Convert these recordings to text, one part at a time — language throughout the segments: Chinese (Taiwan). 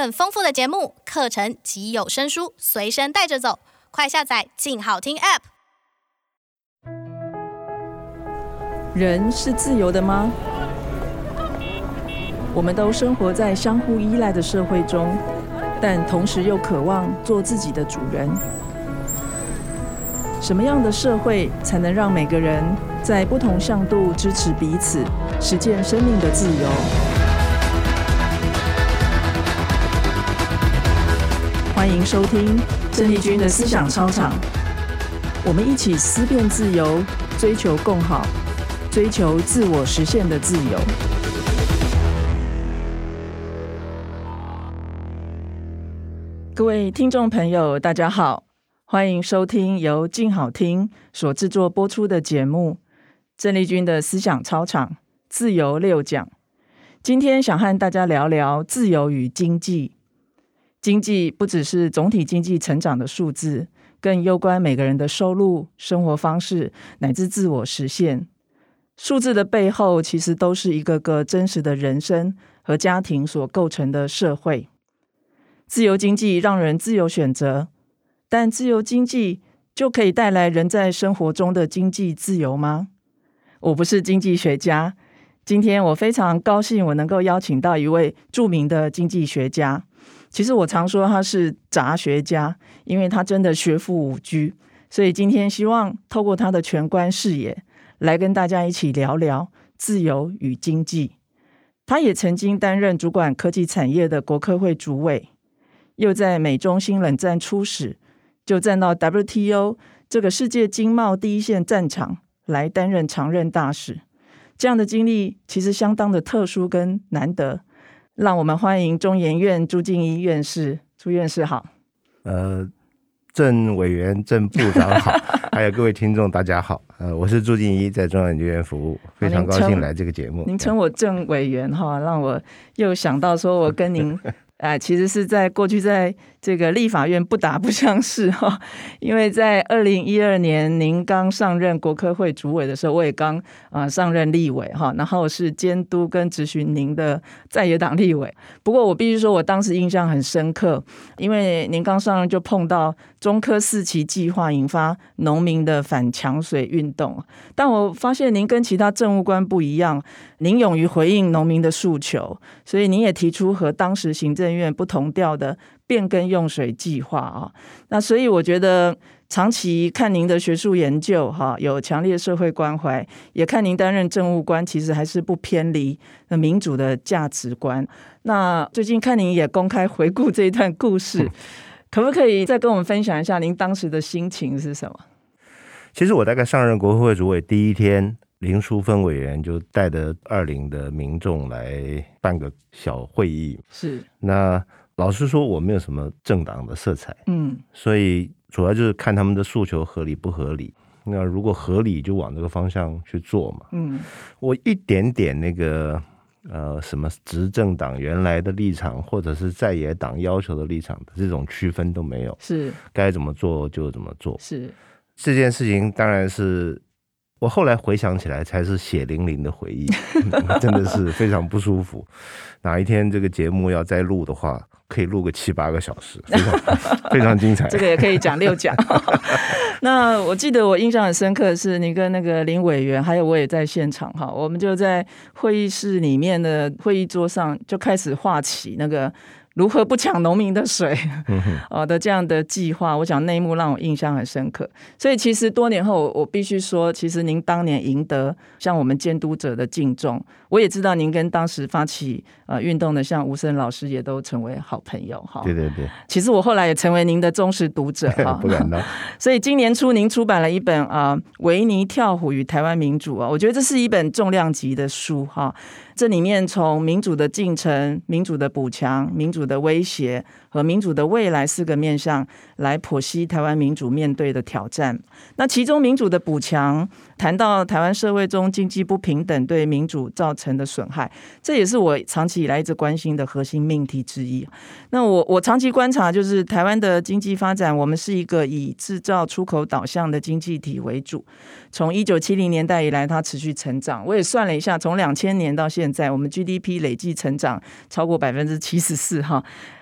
很豐富的節目、課程及有聲書隨身帶着走，快下載“靜好聽 ”App。人是自由的嗎？我們都生活在相互依賴的社會中，但同時又渴望做自己的主人。什麼樣的社會才能讓每個人在不同向度支持彼此，實踐生命的自由？歡迎收聽鄭麗君的思想操場，我們一起思辨自由，追求共好，追求自我實現的自由。各位聽眾朋友，大家好，歡迎收聽由靜好聽所製作播出的節目《鄭麗君的思想操場：自由六講》。今天想和大家聊聊自由與經濟。經濟不只是總體經濟成長的數字，更攸關每個人的收入、生活方式，乃至自我實現。數字的背後，其實都是一個個真實的人生和家庭所構成的社會。自由經濟讓人自由選擇，但自由經濟就可以帶來人在生活中的經濟自由嗎？我不是經濟學家，今天我非常高興我能夠邀請到一位著名的經濟學家。其實我常說他是雜學家，因為他真的學富五車，所以今天希望透過他的全觀視野，來跟大家一起聊聊自由與經濟。他也曾經擔任主管科技產業的國科會主委，又在美中新冷戰初始，就站到 WTO 這個世界經貿第一線戰場來擔任常任大使。這樣的經歷其實相當的特殊跟難得。讓我們歡迎中研院朱敬一院士。朱院士好。呃，鄭委員、鄭部長好， 還有各位聽眾大家好。呃，我是朱敬一，在中研院服務，非常高興來這個節目。您稱、嗯、我鄭委員哈，讓我又想到說我跟您，哎、 呃，其實是在過去在。這個立法院不打不相識哈，因為在二零一二年您剛上任國科會主委的時候，我也剛啊上任立委哈，然後是監督跟質詢您的在野黨立委。不過我必須說，我當時印象很深刻，因為您剛上任就碰到中科四期計劃引發農民的反搶水運動。但我發現您跟其他政務官不一樣，您勇於回應農民的訴求，所以您也提出和當時行政院不同調的。變更用水計劃啊，那所以我覺得長期看您的學術研究哈，有強烈社會關懷，也看您擔任政務官，其實還是不偏離那民主的價值觀。那最近看您也公開回顧這一段故事，可不可以再跟我們分享一下您當時的心情是什麼？其實我大概上任國科會主委第一天，林淑芬委員就帶着二零的民眾來辦個小會議，是那。老實說，我沒有什麼政黨的色彩，嗯，所以主要就是看他們的訴求合理不合理。那如果合理，就往這個方向去做嘛，嗯，我一點點那個呃，什麼執政黨原來的立場，或者是在野黨要求的立場，這種區分都沒有，是該怎麼做就怎麼做，是這件事情當然是。我後來回想起來，才是血淋淋的回憶，真的是非常不舒服。 哪一天這個節目要再錄的話，可以錄個七八個小時，非常非常精彩。 這個也可以講六講。 那我記得我印象很深刻的是，你跟那個林委員，還有我也在現場哈，我們就在會議室裡面的會議桌上就開始畫起那個。如何不搶農民的水？哦的這樣的計劃，我想內幕讓我印象很深刻。所以其實多年後，我必須說，其實您當年贏得像我們監督者的敬重。我也知道您跟當時發起呃運動的像吳森老師也都成為好朋友哈。對對對，其實我後來也成為您的忠實讀者哈。不遠了。所以今年初您出版了一本啊《維尼跳虎與台灣民主》啊，我覺得這是一本重量級的書哈。這裡面從民主的進程、民主的補強、民主的威脅。和民主的未來四個面向來剖析台灣民主面對的挑戰。那其中民主的補強，談到台灣社會中經濟不平等對民主造成的損害，這也是我長期以來一直關心的核心命題之一。那我我長期觀察，就是台灣的經濟發展，我們是一個以製造出口導向的經濟體為主。從一九七零年代以來，它持續成長。我也算了一下，從兩千年到現在，我們 GDP 累計成長超過百分之七十四。哈。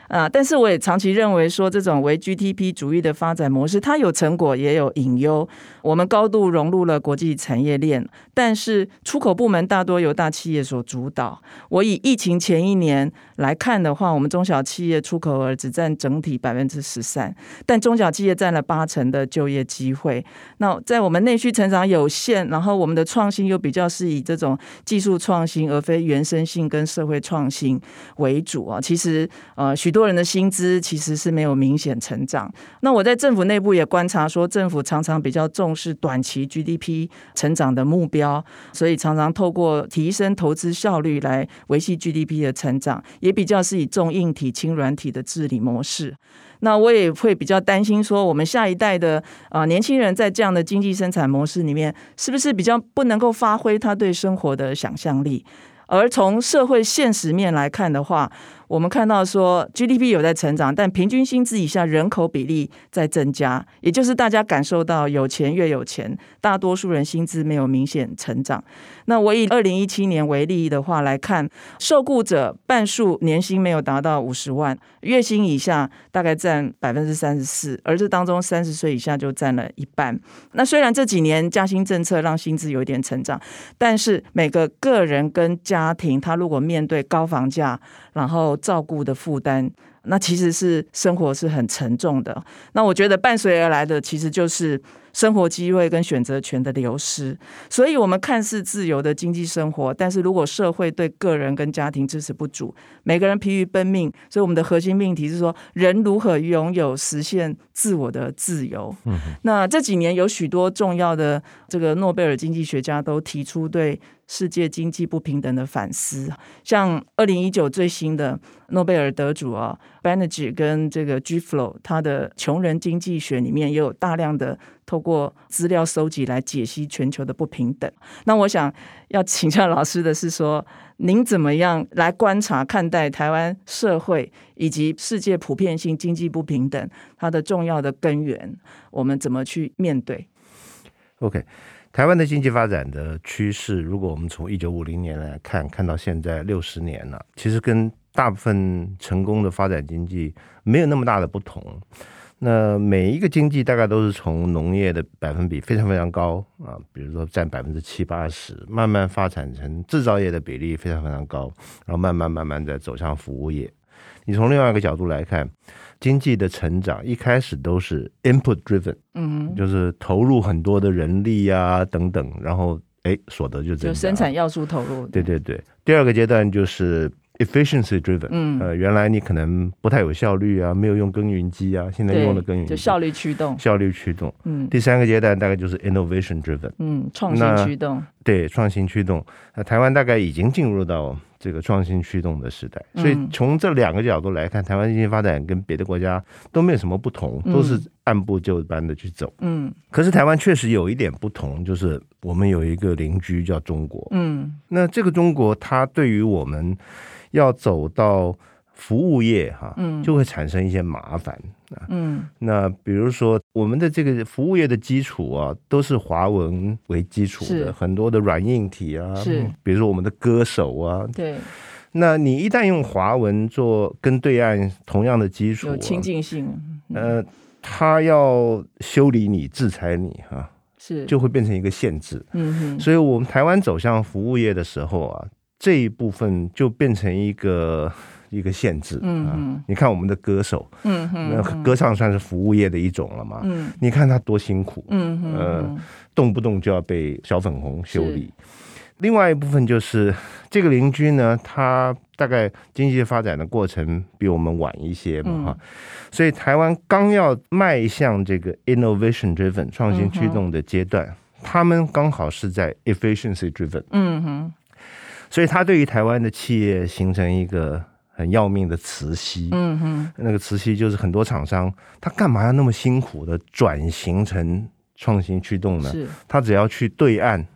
啊！但是我也長期認為說，這種唯 GDP 主義的發展模式，它有成果，也有隱憂。我們高度融入了國際產業鏈，但是出口部門大多由大企業所主導。我以疫情前一年來看的話，我們中小企業出口額只佔整體百分之十三，但中小企業佔了八成的就業機會。那在我們內需成長有限，然後我們的創新又比較是以這種技術創新而非原生性跟社會創新為主啊。其實，呃，許多。多人的薪資其實是沒有明顯成長。那我在政府內部也觀察說，政府常常比較重視短期 GDP 成長的目標，所以常常透過提升投資效率來維繫 GDP 的成長，也比較是以重硬體、輕軟體的治理模式。那我也會比較擔心說，我們下一代的啊、呃、年輕人在這樣的經濟生產模式裡面，是不是比較不能夠發揮他對生活的想象力？而從社會現實面來看的話，我們看到說 GDP 有在成長，但平均薪資以下人口比例在增加，也就是大家感受到有錢越有錢，大多數人薪資沒有明顯成長。那我以二零一七年為例的話來看，受僱者半數年薪沒有達到五十萬，月薪以下大概占百分之三十四，而這當中三十歲以下就占了一半。那雖然這幾年加薪政策讓薪資有一點成長，但是每個個人跟家庭，他如果面對高房價，然後照顧的負擔，那其實是生活是很沉重的。那我覺得伴隨而來的，其實就是生活機會跟選擇權的流失。所以，我們看似自由的經濟生活，但是如果社會對個人跟家庭支持不足，每個人疲於奔命。所以，我們的核心命題是說：人如何擁有實現自我的自由？嗯，那這幾年有許多重要的這個諾貝爾經濟學家都提出對。世界經濟不平等的反思，像二零一九最新的諾貝爾得主啊 Banerjee 跟這個 Duflo，他的《窮人經濟學》裡面也有大量的透過資料搜集來解析全球的不平等。那我想要請教老師的是說，說您怎麼樣來觀察、看待台灣社會以及世界普遍性經濟不平等它的重要的根源，我們怎麼去面對？OK。台灣的經濟發展的趨勢，如果我們從一九五零年來看，看到現在六十年了，其實跟大部分成功的發展經濟沒有那麼大的不同。那每一個經濟大概都是從農業的百分比非常非常高啊，比如說占百分之七八十，慢慢發展成製造業的比例非常非常高，然後慢慢慢慢的走向服務業。你從另外一個角度來看，經濟的成長一開始都是 input driven，嗯，就是投入很多的人力呀、啊、等等，然後哎，所得就增、啊、就生產要素投入，對。對對對，第二個階段就是 efficiency driven，嗯，呃，原來你可能不太有效率啊，沒有用耕耘機啊，現在用了耕耘機。就效率驅動。效率驅動。嗯。第三個階段大概就是 innovation driven，嗯，創新驅動。對，創新驅動。那、呃、台灣大概已經進入到這個創新驅動的時代，所以從這兩個角度來看，台灣經濟發展跟別的國家都沒有什麼不同，都是按部就班的去走。嗯，可是台灣確實有一點不同，就是我們有一個鄰居叫中國。嗯，那這個中國，它對於我們要走到服務業哈，嗯，就會產生一些麻煩。嗯，那比如說我們的這個服務業的基礎啊，都是華文為基礎的，很多的軟硬體啊，是，比如說我們的歌手啊，對，那你一旦用華文做跟對岸同樣的基礎、啊，有親近性、嗯，呃，他要修理你、制裁你、啊，哈，是，就會變成一個限制，嗯哼，所以我們台灣走向服務業的時候啊，這一部分就變成一個。一個限制，嗯嗯、啊，你看我們的歌手，嗯，那歌唱算是服務業的一種了嘛，嗯，你看他多辛苦，嗯，嗯，呃，動不動就要被小粉紅修理。另外一部分就是這個鄰居呢，他大概經濟發展的過程比我們晚一些嘛，哈、嗯，所以台灣剛要邁向這個 innovation driven 創新驅動的階段，嗯，他們剛好是在 efficiency driven，嗯哼，所以他對於台灣的企業形成一個。很要命的磁吸，嗯哼，那個磁吸就是很多廠商，他幹嘛要那麼辛苦的轉型成創新驅動呢？是，他只要去對岸，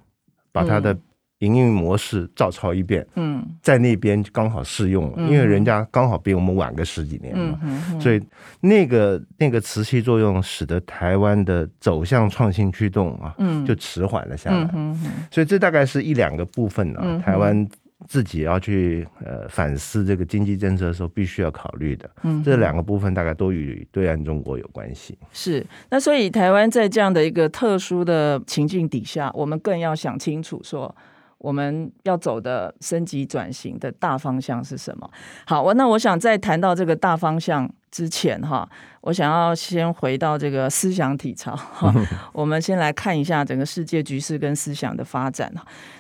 把他的營運模式照抄一遍，嗯、在那邊就剛好適用了，嗯，因為人家剛好比我們晚個十幾年嘛，嗯，所以那個那個磁吸作用使得台灣的走向創新驅動啊，嗯，就遲緩了下來，嗯，所以這大概是一兩個部分啊，嗯、台灣。自己要去呃反思這個經濟政策的時候，必須要考慮的，嗯，這兩個部分大概都與對岸中國有關係。是，那所以台灣在這樣的一個特殊的情境底下，我們更要想清楚說。我們要走的升級轉型的大方向是什麼？好，我那我想在談到這個大方向之前，哈，我想要先回到這個思想體操，我們先來看一下整個世界局勢跟思想的發展。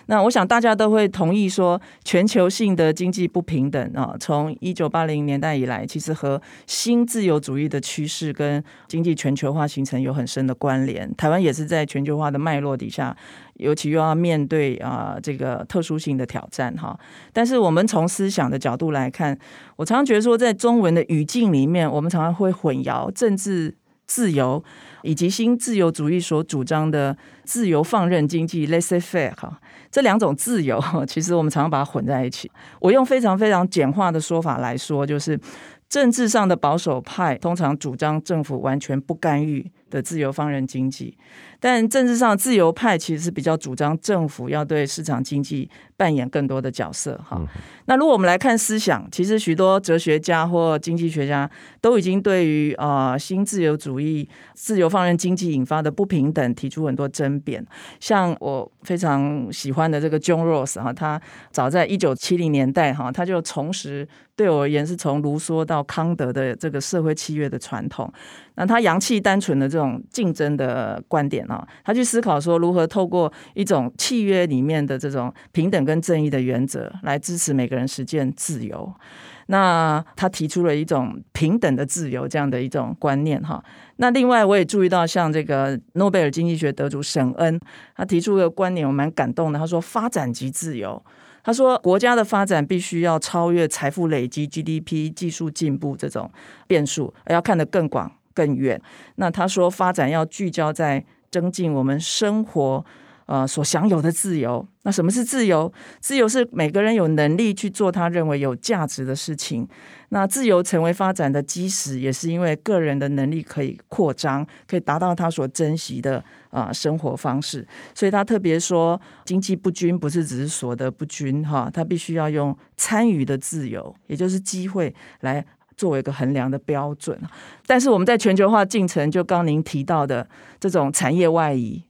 那我想大家都會同意說，全球性的經濟不平等啊，從一九八零年代以來，其實和新自由主義的趨勢跟經濟全球化形成有很深的關聯。台灣也是在全球化的脈絡底下。尤其又要面對啊、呃、這個特殊性的挑戰哈，但是我們從思想的角度來看，我常常覺得說，在中文的語境裡面，我們常常會混淆政治自由以及新自由主義所主張的自由放任經濟 laissez-faire 哈，這兩種自由，其實我們常常把它混在一起。我用非常非常簡化的說法來說，就是政治上的保守派通常主張政府完全不干預的自由放任經濟。但政治上，自由派其實是比較主張政府要對市場經濟扮演更多的角色，哈、嗯。那如果我們來看思想，其實許多哲學家或經濟學家都已經對於啊、呃、新自由主義、自由放任經濟引發的不平等提出很多爭辯。像我非常喜歡的這個 John Rawls 哈，他早在一九七零年代哈、啊，他就重拾對我而言是從盧梭到康德的這個社會契約的傳統。那他揚棄單純的這種競爭的觀點。他去思考說，如何透過一種契約裡面的這種平等跟正義的原則，來支持每個人實踐自由。那他提出了一種平等的自由這樣的一種觀念哈。那另外我也注意到，像這個諾貝爾經濟學得主沈恩，他提出了觀念，我蠻感動的。他說：“發展即自由。”他說：“國家的發展必須要超越財富累積、GDP、技術進步這種變數，而要看得更廣、更遠。”那他說：“發展要聚焦在。”增進我們生活呃所享有的自由。那什麼是自由？自由是每個人有能力去做他認為有價值的事情。那自由成為發展的基石，也是因為個人的能力可以擴張，可以達到他所珍惜的啊生活方式。所以他特別說，經濟不均不是只是所得不均哈，他必須要用參與的自由，也就是機會來。作為一個衡量的標準，但是我們在全球化進程，就剛您提到的這種產業外移。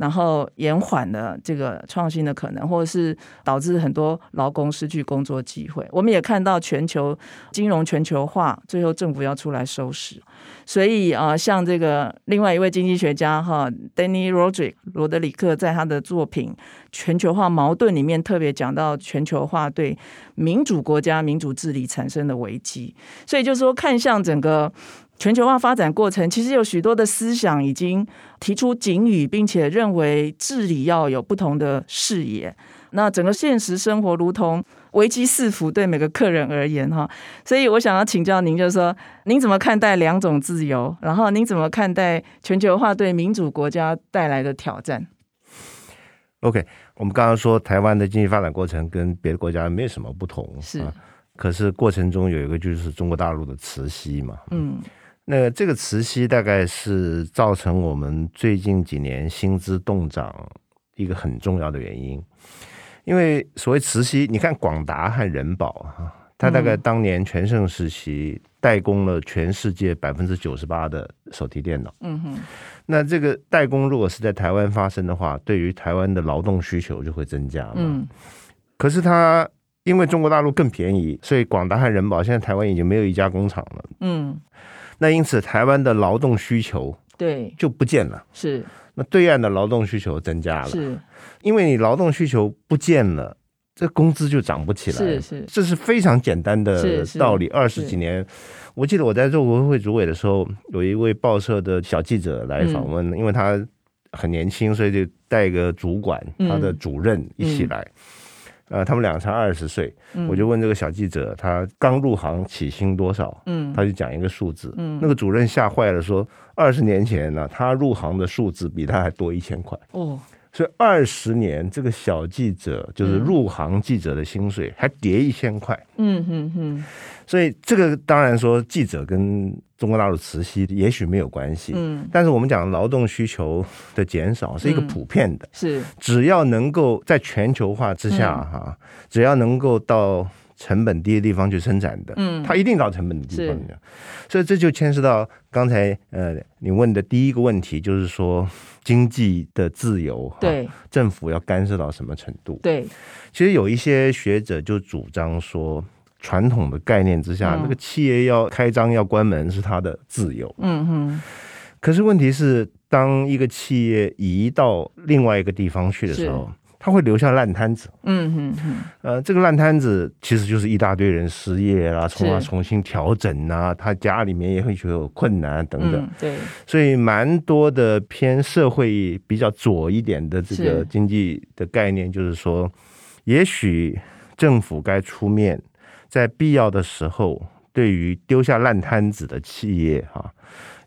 然後延緩了這個創新的可能，或者是導致很多勞工失去工作機會。我們也看到全球金融全球化，最後政府要出來收拾。所以啊、呃，像這個另外一位經濟學家哈，Dani Rodrik 羅德里克在他的作品《全球化矛盾》裡面特別講到全球化對民主國家民主治理產生的危機。所以就是說看向整個。全球化發展過程其實有許多的思想已經提出警語，並且認為治理要有不同的視野。那整個現實生活如同危機四伏，對每個客人而言哈。所以我想要請教您，就是說您怎麼看待兩種自由？然後您怎麼看待全球化對民主國家帶來的挑戰？OK，我們剛剛說台灣的經濟發展過程跟別的國家沒有什麼不同，是。啊，可是過程中有一個就是中國大陸的磁吸嘛，嗯。那這個磁吸大概是造成我們最近幾年薪資凍漲一個很重要的原因，因為所謂磁吸，你看廣達和仁寶啊，它大概當年全盛時期代工了全世界百分之九十八的手提電腦。嗯哼。那這個代工如果是在台灣發生的話，對於台灣的勞動需求就會增加。嗯。可是它因為中國大陸更便宜，所以廣達和仁寶現在台灣已經沒有一家工廠了。嗯。那因此，台灣的勞動需求對就不見了，是。那對岸的勞動需求增加了，是。因為你勞動需求不見了，這工資就漲不起來，是是。這是非常簡單的道理。二十幾年，我記得我在做國科會主委的時候，有一位報社的小記者來訪問，嗯、因為他很年輕，所以就帶一個主管，嗯、他的主任一起來。嗯嗯呃，他們兩個才二十歲、嗯，我就問這個小記者，他剛入行起薪多少？嗯，他就講一個數字。嗯、那個主任嚇壞了說，說二十年前呢、啊，他入行的數字比他還多一千塊。哦，所以二十年這個小記者就是入行記者的薪水還跌一千塊。嗯哼哼，所以這個當然說記者跟。中國大陸磁吸也許沒有關係，嗯，但是我們講勞動需求的減少是一個普遍的，是、嗯，只要能夠在全球化之下哈、嗯，只要能夠到成本低的地方去生產的，嗯，它一定到成本低的地方，所以這就牽涉到剛才呃你問的第一個問題，就是說經濟的自由，對、啊，政府要干涉到什麼程度？對，其實有一些學者就主張說。傳統的概念之下、嗯，那個企業要開張要關門是他的自由。嗯，嗯可是問題是，當一個企業移到另外一個地方去的時候，它會留下爛攤子。嗯哼、嗯嗯，呃，這個爛攤子其實就是一大堆人失業啦、啊，從而重新調整吶、啊，他家裡面也會覺得有困難等等。嗯、對。所以，蠻多的偏社會比較左一點的這個經濟的概念，就是說是，也許政府該出面。在必要的時候，對於丟下爛攤子的企業哈，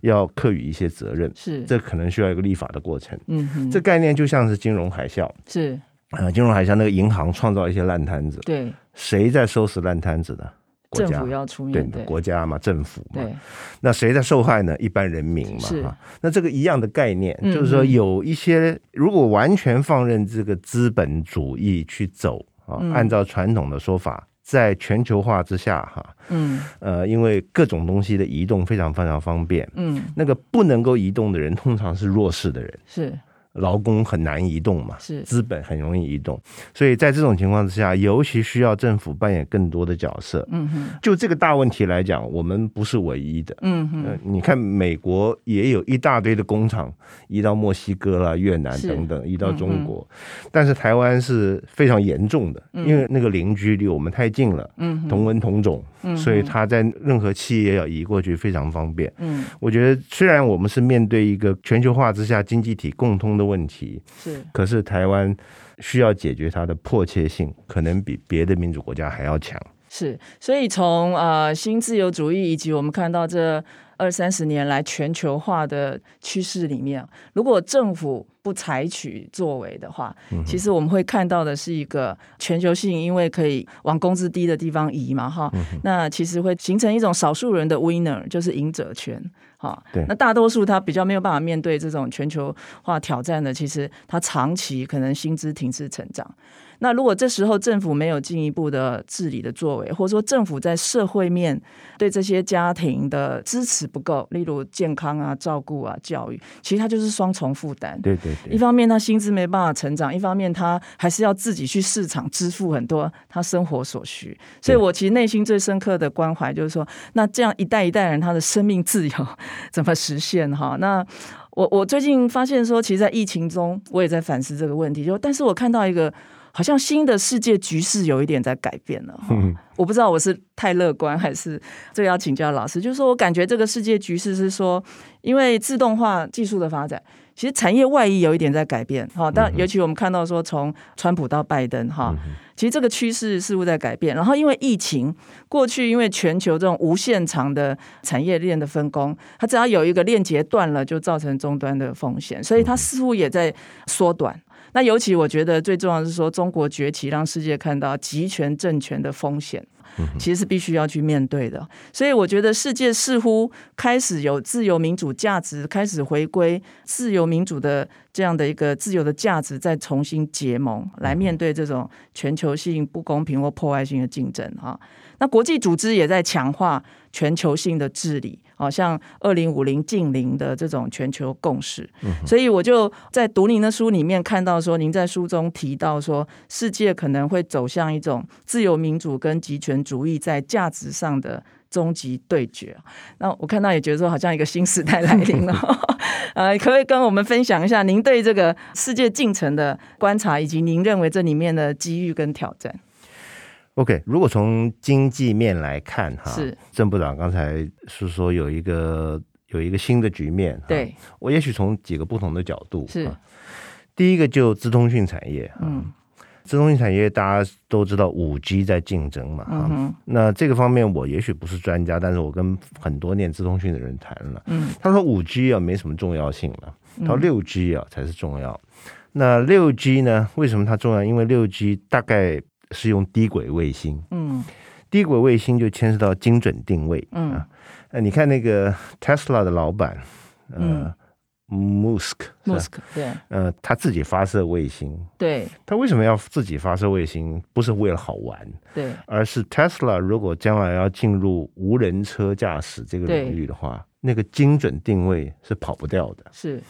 要課予一些責任，是這可能需要一個立法的過程。嗯哼，這概念就像是金融海嘯，是啊，金融海嘯那個銀行創造一些爛攤子，對，誰在收拾爛攤子呢？政府要出面對,對國家嘛，政府嘛。對，那誰在受害呢？一般人民嘛。是，那這個一樣的概念，嗯、就是說有一些如果完全放任這個資本主義去走啊、嗯，按照傳統的說法。在全球化之下，哈，嗯，呃，因為各種東西的移動非常非常方便，嗯，那個不能夠移動的人，通常是弱勢的人，是。勞工很難移動嘛，是資本很容易移動，所以在這種情況之下，尤其需要政府扮演更多的角色。嗯哼，就這個大問題來講，我們不是唯一的。嗯哼，呃、你看美國也有一大堆的工廠移到墨西哥啦、啊、越南等等，移到中國、嗯，但是台灣是非常嚴重的、嗯，因為那個鄰居離我們太近了。嗯，同文同種，嗯、所以他在任何企業要移過去非常方便。嗯，我覺得雖然我們是面對一個全球化之下經濟體共通的。問題是，可是台灣需要解決它的迫切性，可能比別的民主國家還要強。是，所以從呃新自由主義以及我們看到這二三十年來全球化的趨勢裡面，如果政府不採取作為的話，嗯，其實我們會看到的是一個全球性，因為可以往工資低的地方移嘛，哈、嗯，那其實會形成一種少數人的 winner，就是贏者圈。啊，那大多數他比較沒有辦法面對這種全球化挑戰的，其實他長期可能薪資停滯成長。那如果這時候政府沒有進一步的治理的作為，或者說政府在社會面對這些家庭的支持不夠，例如健康啊、照顧啊、教育，其實他就是雙重負擔。對對對，一方面他薪資沒辦法成長，一方面他還是要自己去市場支付很多他生活所需。所以我其實內心最深刻的關懷就是說，那這樣一代一代人他的生命自由怎麼實現？哈，那我我最近發現說，其實，在疫情中我也在反思這個問題。就但是我看到一個。好像新的世界局勢有一點在改變了，呵呵，我不知道我是太樂觀還是這要請教老師。就是說我感覺這個世界局勢是說，因為自動化技術的發展，其實產業外移有一點在改變。哈，但尤其我們看到說，從川普到拜登，哈，其實這個趨勢似乎在改變。然後因為疫情，過去因為全球這種無限長的產業鏈的分工，它只要有一個鏈接斷了，就造成終端的風險，所以它似乎也在縮短。那尤其，我覺得最重要的是說，中國崛起讓世界看到極權政權的風險，其實是必須要去面對的。所以，我覺得世界似乎開始有自由民主價值開始回歸，自由民主的這樣的一個自由的價值再重新結盟，來面對這種全球性不公平或破壞性的競爭啊。那國際組織也在強化全球性的治理。好像二零五零淨零的這種全球共識，所以我就在讀您的書裡面看到說，您在書中提到說，世界可能會走向一種自由民主跟極權主義在價值上的終極對決。那我看到也覺得說，好像一個新時代來臨了。呃，可不可以跟我們分享一下您對這個世界進程的觀察，以及您認為這裡面的機遇跟挑戰？OK，如果從經濟面來看，哈，是鄭部長剛才是說有一個有一個新的局面哈，對，我也許從幾個不同的角度，是第一個就資通訊產業，嗯，資通訊產業大家都知道五 G 在競爭嘛哈，嗯，那這個方面我也許不是專家，但是我跟很多念資通訊的人談了，嗯，他說五 G 啊沒什麼重要性了，啊，他說六 G 啊才是重要，嗯，那六 G 呢，為什麼它重要？因為六 G 大概。是用低軌衛星，嗯，低軌衛星就牽涉到精準定位，嗯，啊，那你看那個 Tesla 的老板，呃嗯，Musk，Musk，對，呃，他自己發射衛星，對，他為什麼要自己發射衛星？不是為了好玩，對，而是 Tesla 如果將來要進入無人車駕駛這個領域的話，那個精準定位是跑不掉的，是，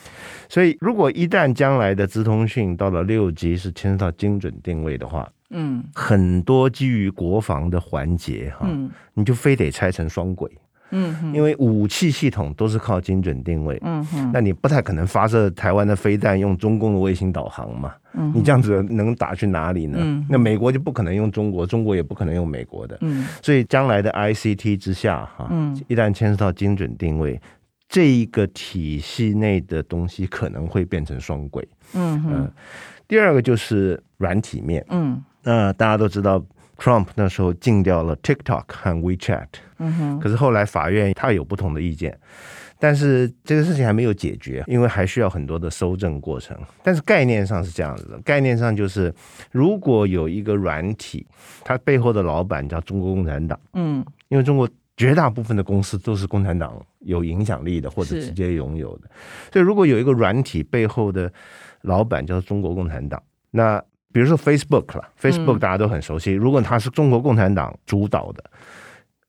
所以如果一旦將來的資通訊到了六級是牽涉到精準定位的話。嗯，很多基於國防的環節哈，嗯，你就非得拆成雙軌，嗯，嗯，因為武器系統都是靠精準定位，嗯，那你不太可能發射台灣的飛彈用中共的衛星導航嘛，嗯，你這樣子能打去哪裡呢？嗯，那美國就不可能用中國，中國也不可能用美國的，嗯，所以將來的 ICT 之下哈，嗯，一旦牽涉到精準定位，嗯，這一個體系內的東西可能會變成雙軌，嗯，呃，第二個就是軟體面，嗯。那、呃、大家都知道，Trump 那時候禁掉了 TikTok 和 WeChat、嗯、可是後來法院他有不同的意見，但是這個事情還沒有解決，因為還需要很多的修正過程。但是概念上是這樣子的：概念上就是，如果有一個軟體，它背後的老板叫中國共產黨，嗯，因為中國絕大部分的公司都是共產黨有影響力的或者直接擁有的，所以如果有一個軟體背後的老板叫中國共產黨，那。比如說 Facebook 啦、嗯、Facebook 大家都很熟悉。如果它是中國共產黨主導的，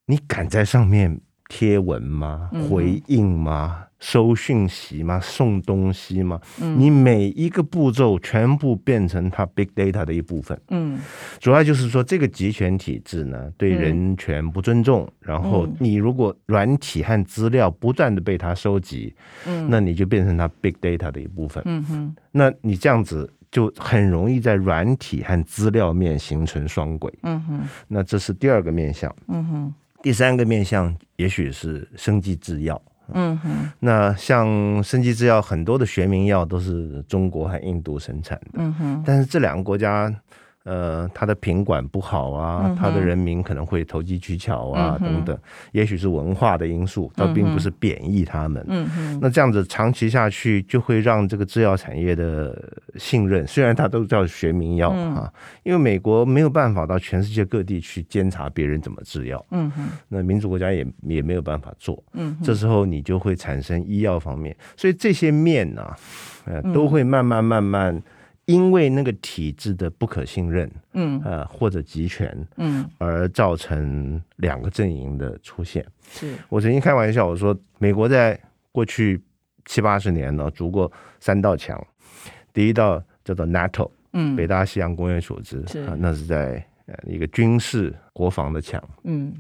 你敢在上面貼文嗎？嗯、回應嗎？收訊息嗎？送東西嗎、嗯？你每一個步驟全部變成它 big data 的一部分。嗯、主要就是說這個集權體制呢，對人權不尊重、嗯。然後你如果軟體和資料不斷的被它收集、嗯，那你就變成它 big data 的一部分。嗯、那你這樣子。就很容易在軟體和資料面形成雙軌。嗯哼，那這是第二個面向。嗯哼，第三個面向也許是生技製藥。嗯哼，那像生技製藥，很多的學名藥都是中國和印度生產的。嗯哼，但是這兩個國家。呃，他的品管不好啊，嗯，他的人民可能會投機取巧啊，嗯，等等，也許是文化的因素，嗯，倒並不是貶義他們。嗯，那這樣子長期下去，就會讓這個製藥產業的信任。雖然他都叫學名藥、嗯、啊，因為美國沒有辦法到全世界各地去監察別人怎麼製藥。嗯，那民主國家也也沒有辦法做，嗯。這時候你就會產生醫藥方面，所以這些面呢，啊，呃，都會慢慢慢慢。因為那個體制的不可信任，嗯，呃、或者集權，嗯，而造成兩個陣營的出現。嗯、是我曾經開玩笑，我說美國在過去七八十年呢，築過三道牆。第一道叫做 NATO，嗯，北大西洋公約組織，啊、呃，那是在呃一個軍事國防的牆。嗯，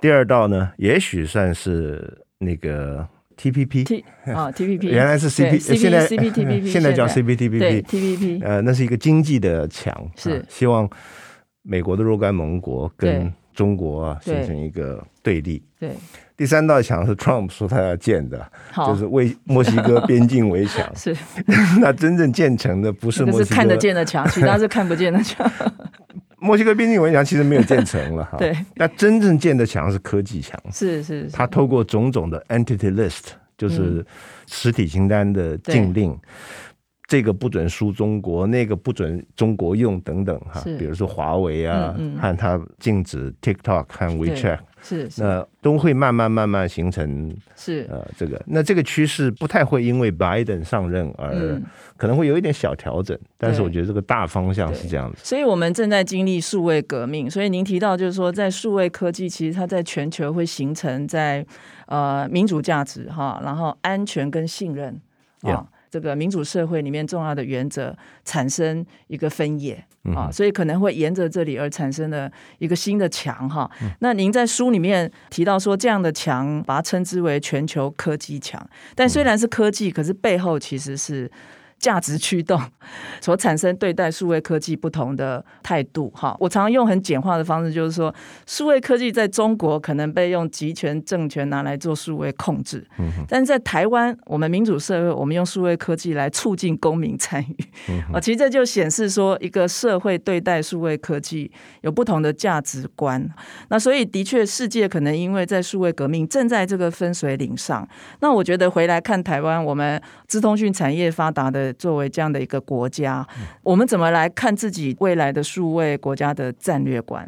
第二道呢，也許算是那個。TPP? T P P T T P P 原來是 C P，現在 C P T P P，現在叫 C P T P P。呃，那是一個經濟的牆，是、呃、希望美國的若干盟國跟中國形、啊、成一個對立對。對，第三道牆是 Trump 說他要建的，就是為墨西哥邊境圍牆。 是， 那真正建成的不是墨西哥、那個、是看得見的牆， 其他是看不見的牆。 墨西哥邊境圍牆其實沒有建成了哈， 對，那真正建的牆是科技牆， 是是是，它透過種種的 entity list，就是實體清單的禁令。嗯這個不准輸中國，那個不准中國用等等哈，比如說華為啊，和它、嗯嗯、禁止 TikTok，和 WeChat，是那都會慢慢慢慢形成是呃這個，那這個趨勢不太會因為 Biden 上任而、嗯、可能會有一點小調整，但是我覺得這個大方向是這樣子。所以我們正在經歷數位革命，所以您提到就是說，在數位科技其實它在全球會形成在呃民主價值哈，然後安全跟信任啊。這個民主社會裡面重要的原則產生一個分野，嗯、啊，所以可能會沿着這裡而產生了一個新的牆哈、嗯。那您在書裡面提到說，這樣的牆把它稱之為全球科技牆，但雖然是科技，嗯、可是背後其實是。價值驅動所產生對待數位科技不同的態度，哈，我常用很簡化的方式，就是說，數位科技在中國可能被用極權政權拿來做數位控制，嗯，但是在台灣，我們民主社會，我們用數位科技來促進公民參與，啊、嗯，其實這就顯示說，一個社會對待數位科技有不同的價值觀。那所以，的確，世界可能因為在數位革命正在這個分水嶺上，那我覺得回來看台灣，我們資通訊產業發達的。作為這樣的一個國家，我們怎麼來看自己未來的數位國家的戰略觀？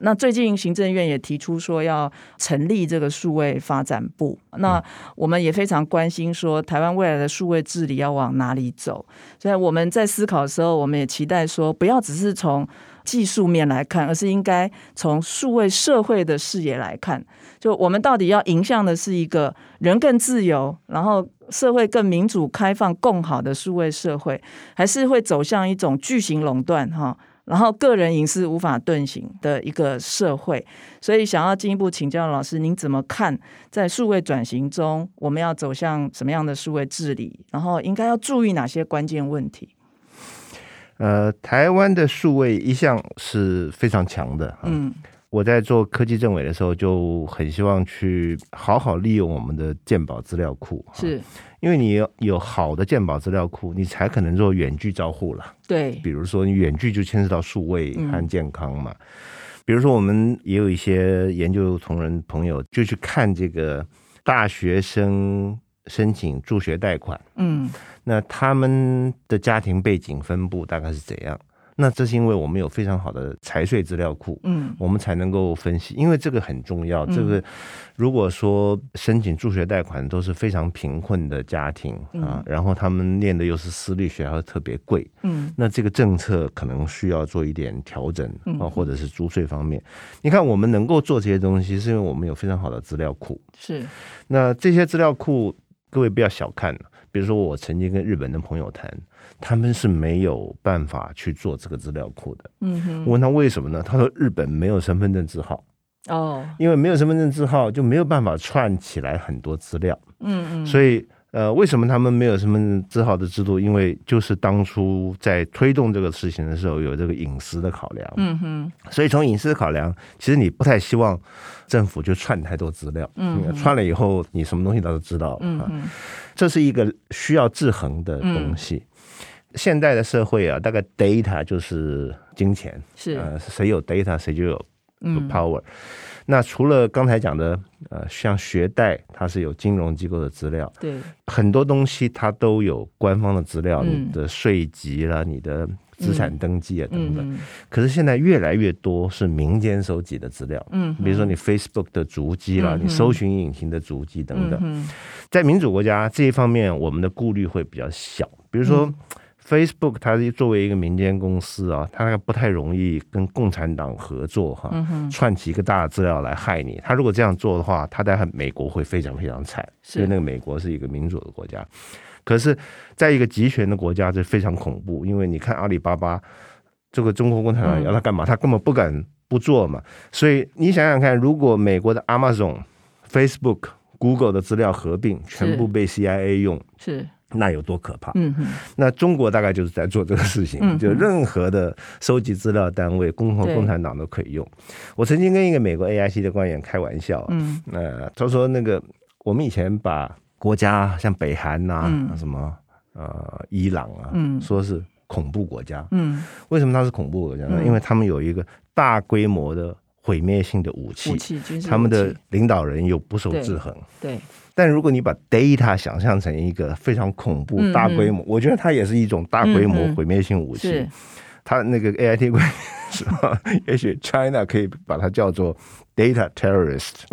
那最近行政院也提出說要成立這個數位發展部，那我們也非常關心說台灣未來的數位治理要往哪裡走？所以我們在思考的時候，我們也期待說不要只是從技術面來看，而是應該從數位社會的視野來看，就我們到底要迎向的是一個人更自由，然後。社會更民主、開放、共好的數位社會，還是會走向一種巨型壟斷哈，然後個人隱私無法遁形的一個社會。所以，想要進一步請教老師，您怎麼看在數位轉型中，我們要走向什麼樣的數位治理？然後應該要注意哪些關鍵問題？呃，台灣的數位一向是非常強的，嗯。我在做科技政委的時候，就很希望去好好利用我們的健保資料庫，是因為你有好的健保資料庫，你才可能做遠距照護了。對，比如說你遠距就牽涉到數位和健康嘛。比如說，我們也有一些研究同仁朋友就去看這個大學生申請助學貸款，嗯，那他們的家庭背景分布大概是怎樣？那這是因為我們有非常好的財稅資料庫，嗯，我們才能夠分析，因為這個很重要。這個如果說，申請助學貸款都是非常貧困的家庭，嗯，啊，然後他們念的又是私立學校特別貴，嗯，那這個政策可能需要做一點調整啊，或者是租稅方面。嗯，你看，我們能夠做這些東西，是因為我們有非常好的資料庫。是，那這些資料庫，各位不要小看。比如說，我曾經跟日本的朋友談，他們是沒有辦法去做這個資料庫的。嗯哼。我問他為什麼呢？他說日本沒有身份證字號。哦。因為沒有身份證字號，就沒有辦法串起來很多資料。嗯嗯。所以，呃，為什麼他們沒有身份證字號的制度？因為就是當初在推動這個事情的時候，有這個隱私的考量。嗯哼。所以，從隱私的考量，其實你不太希望政府就串太多資料。嗯。串了以後，你什麼東西他都，都知道了。嗯嗯。這是一個需要制衡的東西。嗯。現代的社會啊，大概 data 就是金錢，是，呃，誰有 data 誰就有 power。嗯。那除了剛才講的，呃，像學貸，它是有金融機構的資料，對，很多東西它都有官方的資料，你的稅籍啦、啊嗯，你的。資產登記啊，等等、嗯嗯。可是現在越來越多是民間收集的資料、嗯，比如說你 Facebook 的足跡啦、嗯，你搜尋引擎的足跡等等、嗯嗯。在民主國家這一方面，我們的顧慮會比較小。比如說 Facebook，它作為一個民間公司啊，它那個不太容易跟共產黨合作哈、啊嗯，串起一個大的資料來害你。他如果這樣做的話，他在美國會非常非常慘，因為那個美國是一個民主的國家。可是，在一個集權的國家，這非常恐怖。因為你看阿里巴巴，這個中國共產黨要他幹嘛？他根本不敢不做嘛。所以你想想看，如果美國的 Amazon、Facebook、Google 的資料合併，全部被 CIA 用，是那有多可怕？那中國大概就是在做這個事情，就任何的收集資料單位，中國共產黨都可以用。我曾經跟一個美國 AIC 的官員開玩笑、啊，那、呃、他說那個我們以前把。國家像北韓啊，什麼呃伊朗啊，嗯，說是恐怖國家。嗯，為什麼它是恐怖國家呢？呢，嗯？因為他們有一個大規模的毀滅性的武器，他們的領導人又不受制衡對。對，但如果你把 data 想象成一個非常恐怖大規、大規模，我覺得它也是一種大規模毀滅性武器。嗯嗯他那個 A I T 公司，也許 China 可以把它叫做 data terrorist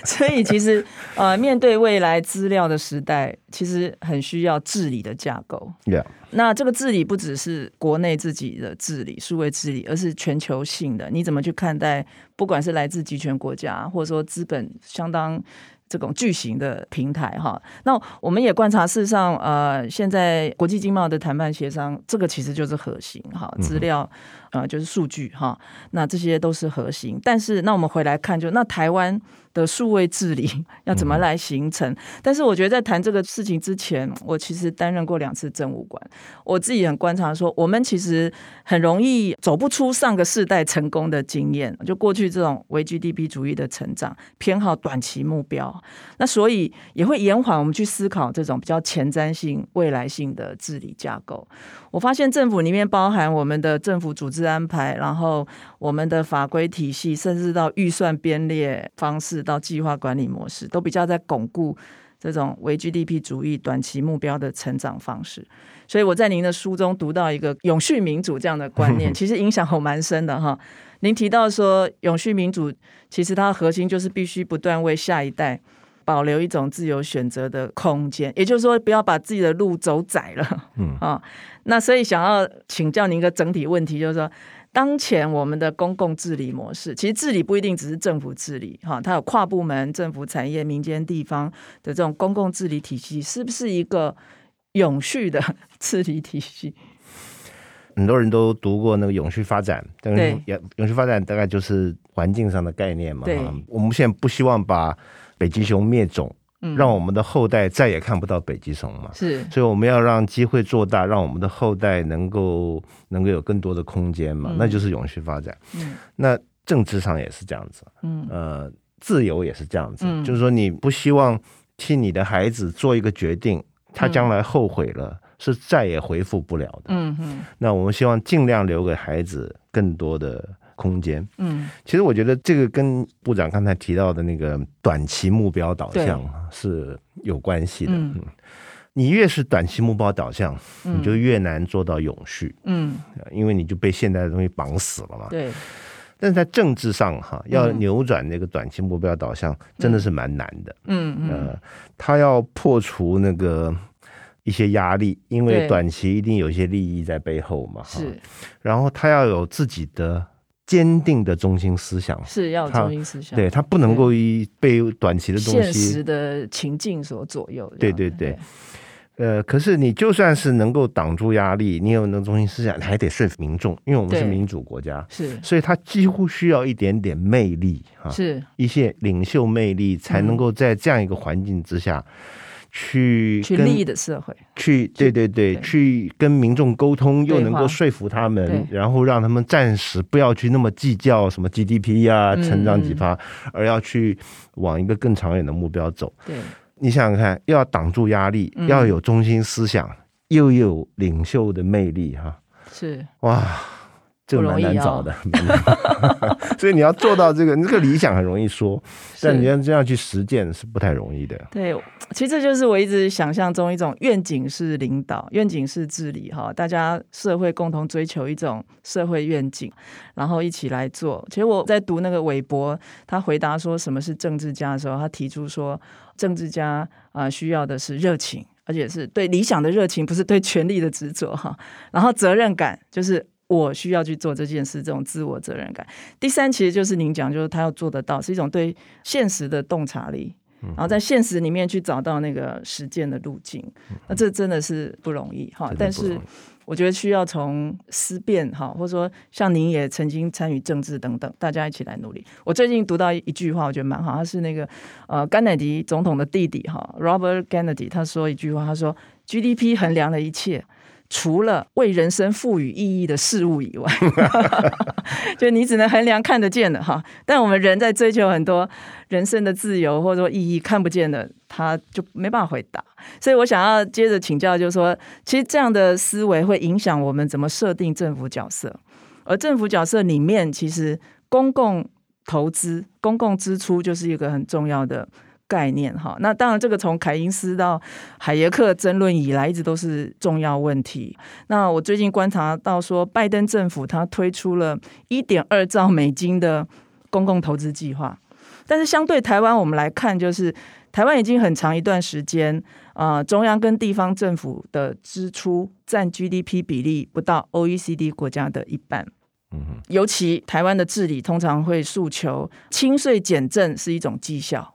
。所以其實，呃，面對未來資料的時代，其實很需要治理的架構。Yeah. 那這個治理不只是國內自己的治理、數位治理，而是全球性的。你怎麼去看待？不管是來自極權國家，或者說資本相當。這種巨型的平台哈，那我們也觀察，事實上，呃，現在國際經貿的談判協商，這個其實就是核心哈，資料。嗯啊、呃，就是數據哈，那這些都是核心。但是，那我們回來看就，就那台灣的數位治理要怎麼來形成？嗯、但是，我覺得在談這個事情之前，我其實擔任過兩次政務官，我自己很觀察說，說我們其實很容易走不出上個世代成功的經驗，就過去這種唯 GDP 主義的成長，偏好短期目標，那所以也會延緩我們去思考這種比較前瞻性、未來性的治理架構。我發現政府裡面包含我們的政府組織安排，然後我們的法規體系，甚至到預算編列方式，到計劃管理模式，都比較在鞏固這種為 GDP 主義短期目標的成長方式。所以我在您的書中讀到一個“永續民主”這樣的觀念，其實影響我蠻深的哈。您提到說“永續民主”，其實它的核心就是必須不斷為下一代保留一種自由選擇的空間，也就是說，不要把自己的路走窄了。嗯啊。那所以想要請教您一個整體問題，就是說，當前我們的公共治理模式，其實治理不一定只是政府治理，哈，它有跨部門、政府、產業、民間、地方的這種公共治理體系，是不是一個永續的治理體系？很多人都讀過那個永續發展，對，永永續發展大概就是環境上的概念嘛。我們現在不希望把北極熊滅種。讓我們的後代再也看不到北極熊嘛？是，所以我們要讓機會做大，讓我們的後代能夠能夠有更多的空間嘛？那就是永續發展。嗯，那政治上也是這樣子。嗯，呃，自由也是這樣子。就是說你不希望替你的孩子做一個決定，他將來後悔了是再也回復不了的。嗯哼，那我們希望尽量留給孩子更多的。空間，嗯，其實我覺得這個跟部長剛才提到的那個短期目標導向是有關係的。嗯，你越是短期目標導向，嗯，你就越難做到永續。嗯，因為你就被現在的東西綁死了嘛。對，但是在政治上哈，要扭轉那個短期目標導向，真的是蠻難的。嗯嗯，他、嗯呃、要破除那個一些壓力，因為短期一定有一些利益在背後嘛。是，然後他要有自己的。堅定的中心思想，是要中心思想，他對他不能夠被短期的東西、現實的情境所左右。對對對，對，呃，可是你就算是能夠擋住壓力，你有那中心思想，你還得說服民眾，因為我們是民主國家，是，所以他幾乎需要一點點魅力啊，是一些領袖魅力才、嗯，才能夠在這樣一個環境之下。去跟去的社會，去對對對，對，去跟民眾溝通，又能夠說服他們，然後讓他們暫時不要去那麼計較什麼 GDP 啊、成長幾趴，嗯、而要去往一個更長遠的目標走。你想想看，又要擋住壓力，要有中心思想，嗯、又，又有領袖的魅力哈、啊，是哇。這個蠻難找的，哦、 所以你要做到這個，你這個理想很容易說，但你要這樣去實踐是不太容易的。對，其實這就是我一直想象中一種願景式領導、願景式治理，哈，大家社會共同追求一種社會願景，然後一起來做。其實我在讀那個韋伯，他回答說什麼是政治家的時候，他提出說，政治家啊、呃、需要的是熱情，而且是對理想的熱情，不是對權力的執着，哈。然後責任感就是。我需要去做這件事，這種自我責任感。第三，其實就是您講，就是他要做得到，是一種對現實的洞察力，嗯、然後在現實裡面去找到那個實踐的路徑。嗯、那這真的是不容易哈，嗯。但是我覺得需要從思辨哈，或者說像您也曾經參與政治等等，大家一起來努力。我最近讀到一句話，我覺得蠻好，他是那個呃，甘乃迪總統的弟弟哈、哦、Robert Kennedy，他說一句話，他說 GDP 衡量了一切，除了為人生賦予意義的事物以外， 就你只能衡量看得見的哈。但我們人在追求很多人生的自由或者說意義看不見的，他就沒辦法回答。所以我想要接着請教，就是說，其實這樣的思維會影響我們怎麼設定政府角色，而政府角色裡面，其實公共投資、公共支出就是一個很重要的概念哈，那當然，這個從凱因斯到海耶克爭論以來，一直都是重要問題。那我最近觀察到，說拜登政府他推出了一點二兆美金的公共投資計劃，但是相對台灣我們來看，就是台灣已經很長一段時間，啊、呃，中央跟地方政府的支出占 GDP 比例不到 OECD 國家的一半。尤其台灣的治理通常會訴求輕稅簡政是一種績效。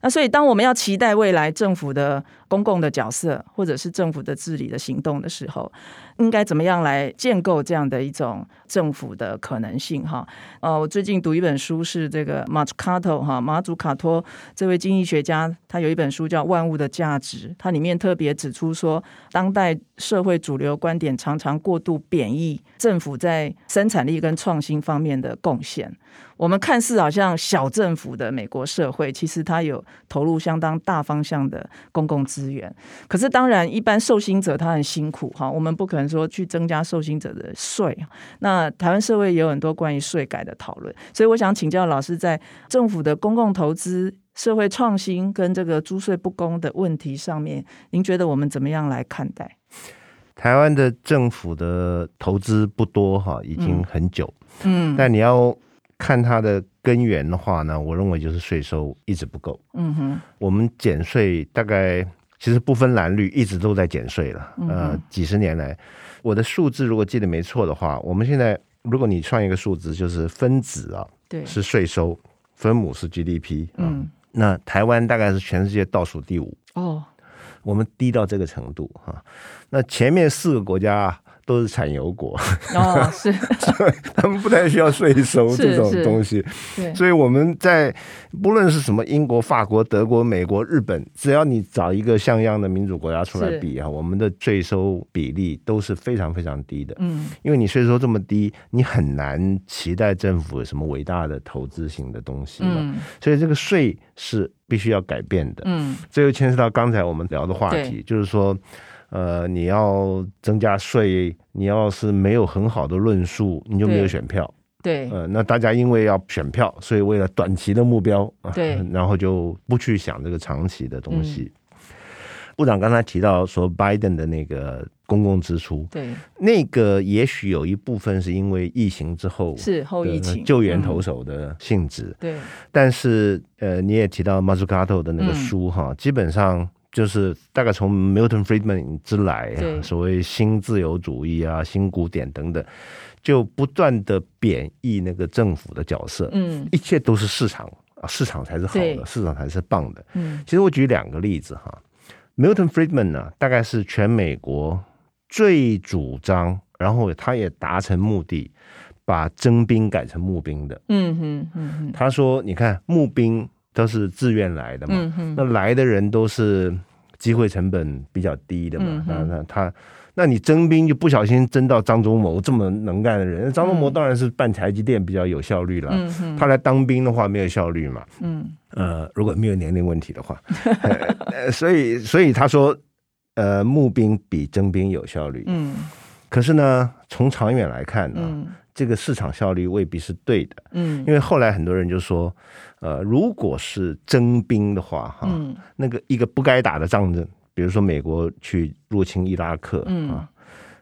那、啊、所以，當我們要期待未來政府的公共的角色，或者是政府的治理的行動的時候，應該怎麼樣來建構這樣的一種政府的可能性？哈，呃，我最近讀一本書是這個 Marcato、啊、馬祖卡托馬祖卡托這位經濟學家，他有一本書叫《萬物的價值》，他裡面特別指出說，當代社會主流觀點常常過度貶抑政府在生產力跟創新方面的貢獻。我們看似好像小政府的美國社會，其實它有投入相當大方向的公共資源。可是當然，一般受薪者他很辛苦哈，我們不可能說去增加受薪者的稅。那台灣社會也有很多關於稅改的討論，所以我想請教老師，在政府的公共投資、社會創新跟這個租稅不公的問題上面，您覺得我們怎麼樣來看待？台灣的政府的投資不多哈，已經很久，嗯，嗯，但你要。看它的根源的話呢，我認為就是稅收一直不夠。嗯哼，我們減稅大概其實不分藍綠，一直都在減稅了。嗯，幾十年來，我的數字如果記得沒錯的話，我們現在如果你算一個數字，就是分子啊，對，是稅收，分母是 GDP。嗯，那台灣大概是全世界倒數第五。哦，我們低到這個程度哈、啊。那前面四個國家、啊。都是產油國，哦，是， 他們不太需要稅收這種東西，對，所以我們在不論是什麼英國、法國、德國、美國、日本，只要你找一個像樣的民主國家出來比啊，我們的稅收比例都是非常非常低的，嗯，因為你稅收這麼低，你很難期待政府有什麼偉大的投資型的東西嘛，嗯，所以這個稅是必須要改變的，嗯，這又牽涉到剛才我們聊的話題，就是說。呃，你要增加稅，你要是沒有很好的論述，你就沒有選票對。對，呃，那大家因為要選票，所以為了短期的目標，對，呃、然後就不去想這個長期的東西。嗯、部長剛才提到說，拜登的那個公共支出，對，那個也許有一部分是因為疫情之後的是後疫情救援投手的性質，對、嗯。但是，呃，你也提到 Mazzucato 的那個書哈、嗯，基本上。就是大概從 Milton Friedman 之來、啊，所謂新自由主義啊、新古典等等，就不斷的貶抑那個政府的角色，嗯，一切都是市場，啊、市場才是好的，市場才是棒的。嗯，其實我舉兩個例子哈、嗯、Milton Friedman 呢、啊，大概是全美國最主張，然後他也達成目的，把徵兵改成募兵的。嗯哼，嗯哼，他說，你看募兵。都是自願來的嘛、嗯，那來的人都是機會成本比較低的嘛。那、嗯、那他，那你徵兵就不小心徵到張忠謀這麼能幹的人，張忠謀當然是辦台積電比較有效率了、嗯。他來當兵的話沒有效率嘛。嗯，呃、如果沒有年齡問題的話，嗯呃、所以所以他說，呃，募兵比徵兵有效率。嗯、可是呢，從長遠來看呢、啊。嗯這個市場效率未必是對的，嗯，因為後來很多人就說，呃，如果是徵兵的話，哈，嗯、那個一個不該打的戰爭，比如說美國去入侵伊拉克、嗯，啊，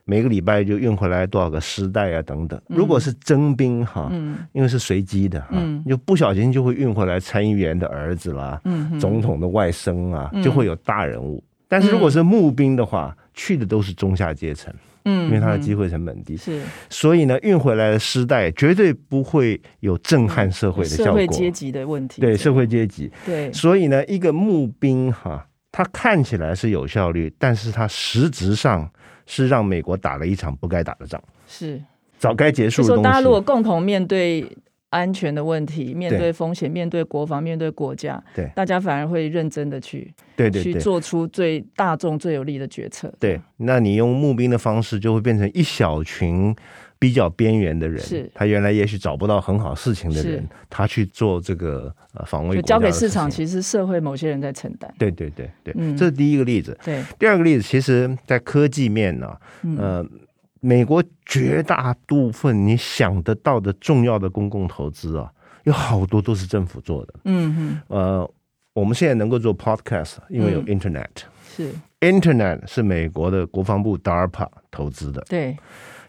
每個禮拜就運回來多少個屍袋啊，等等。如果是徵兵哈、嗯，因為是隨機的、嗯啊，就不小心就會運回來參議員的兒子啦、嗯，總統的外甥啊，就會有大人物。但是如果是募兵的話、嗯，去的都是中下階層。嗯，因為它的機會成本低、嗯，是，所以呢，運回來的屍袋絕對不會有震撼社會的效果，嗯、社會階級的問題，對社會階級，對，所以呢，一個募兵哈，它看起來是有效率，但是它實質上是讓美國打了一場不該打的仗，是。早該結束的東西。所以說大家如果共同面對。安全的問題，面對風險，對，面對國防，面對國家，對大家反而會認真的去，對，對，對去做出最大眾最有利的決策。對，那你用募兵的方式，就會變成一小群比較邊緣的人，是他原來也許找不到很好事情的人，他去做這個防衛，就交給市場，其實社會某些人在承擔。對對對對，嗯，這是第一個例子。對，第二個例子，其實，在科技面呢，啊嗯，呃。美國絕大部分你想得到的重要的公共投資啊，有好多都是政府做的。嗯哼，呃，我們現在能夠做 podcast，因為有 internet。嗯，是，internet 是美國的國防部 DARPA 投資的。對